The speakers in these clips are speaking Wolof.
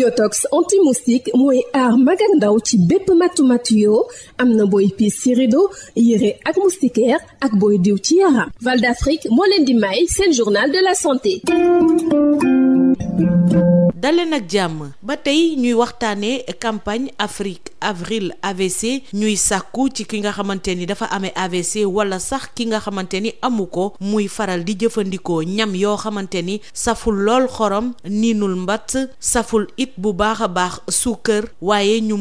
biotox anti-moustique mooy aar mag ndaw ci bépp matu-matu yoo am na booy piis ci rido yére ak moustiquaire ak booy diw ci yaram Val d'Afrique moo leen di may seen journal de la santé daleen ak jàmm ba tey ñuy waxtaanee campagne Afrique avril AVC ñuy sàkku ci ki nga xamante ni dafa amee AVC wala sax ki nga xamante ni amu ko muy faral di jëfandikoo ñam yoo xamante ni saful lool xorom niinul mbatt saful it bu baax a baax suukar waaye ñu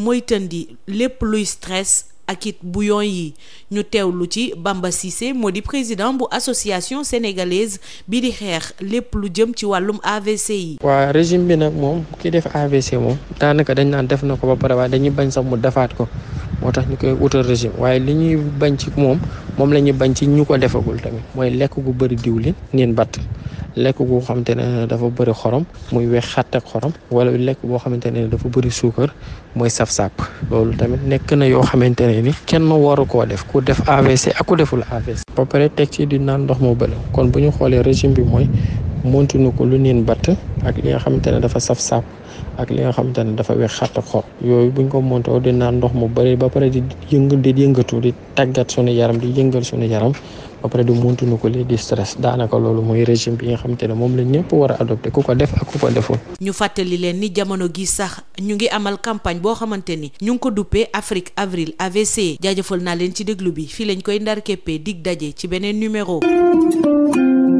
di lépp luy stress ak it bouillon yi ñu teewlu ci Bamba Cissé moo di président bu association sénégalaise bi di xeex lépp lu jëm ci wàllum AVC yi. waa régime bi nag moom ki def AVC moom daanaka dañ naan def na ko ba pare waaye dañuy bañ sax mu defaat ko. moo tax ñu koy wutal régime waaye li ñuy bañ ci moom moom la ñuy bañ ci ñu ko defagul tamit mooy lekk gu bëri diwlin niin batt lekk gu xamante ne dafa bëri xorom muy weex xàtt ak xorom wala lekk boo xamante ne dafa bëri suukar mooy saf sàpp loolu tamit nekk na yoo xamante ne ni kenn waru koo def ku def AVC ak ku deful AVC ba pare teg ci di naan ndox mu bële kon bu ñu xoolee régime bi mooy montinu ko lu niin batt ak li nga xamante ne dafa saf sàpp ak li nga xamante ne dafa weex xatt xob yooyu buñ ko montoo di naan ndox mu bëri ba pare di yëngu di yëngatu di tàggat sunu yaram di yëngal sunu yaram ba pare di nu ko lii di stress daanaka loolu mooy régime bi nga xamante ne moom la ñëpp war a ku ko def ak ku ko deful. ñu fàttali leen ni jamono gi sax ñu ngi amal campagne boo xamante ni ñu ngi ko duppee Afrique Avril AVC jaajafal naa leen ci déglu bi fii lañ koy ndar képpee dig daje ci beneen numéro.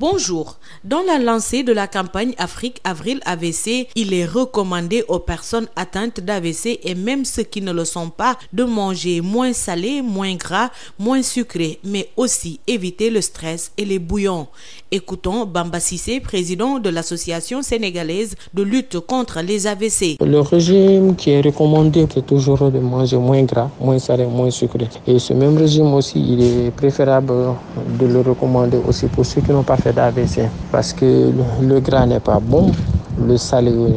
Bonjour. Dans la lancée de la campagne Afrique Avril AVC, il est recommandé aux personnes atteintes d'AVC et même ceux qui ne le sont pas de manger moins salé, moins gras, moins sucré, mais aussi éviter le stress et les bouillons. Écoutons Bamba Sissé, président de l'Association sénégalaise de lutte contre les AVC. Le régime qui est recommandé, c'est toujours de manger moins gras, moins salé, moins sucré. Et ce même régime aussi, il est préférable de le recommander pour ceux qui n'ont pas fait d'AVC. Parce que le gras n'est pas bon, le salé, euh,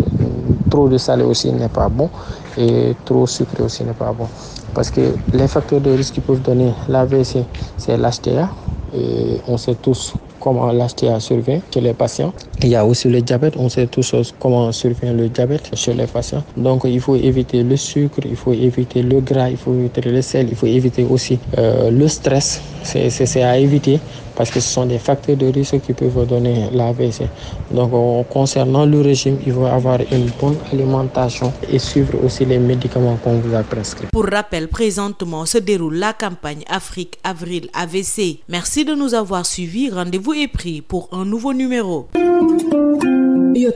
trop de salé aussi n'est pas bon et trop sucré aussi n'est pas bon. Parce que les facteurs de risque qui peuvent donner l'AVC, c'est l'HTA. comment la survient chez les patients. Il y a aussi le diabète, on sait tous comment survient le diabète chez les patients. Donc il faut éviter le sucre, il faut éviter le gras, il faut éviter le sel, il faut éviter aussi euh, le stress. C'est à éviter parce que ce sont des facteurs de risque qui peuvent donner l'AVC. Donc concernant le régime, il faut avoir une bonne alimentation et suivre aussi les médicaments qu'on vous a prescrits. Pour rappel, présentement se déroule la campagne Afrique Avril AVC. Merci de nous avoir suivis. Rendez-vous est pris pour un nouveau numéro.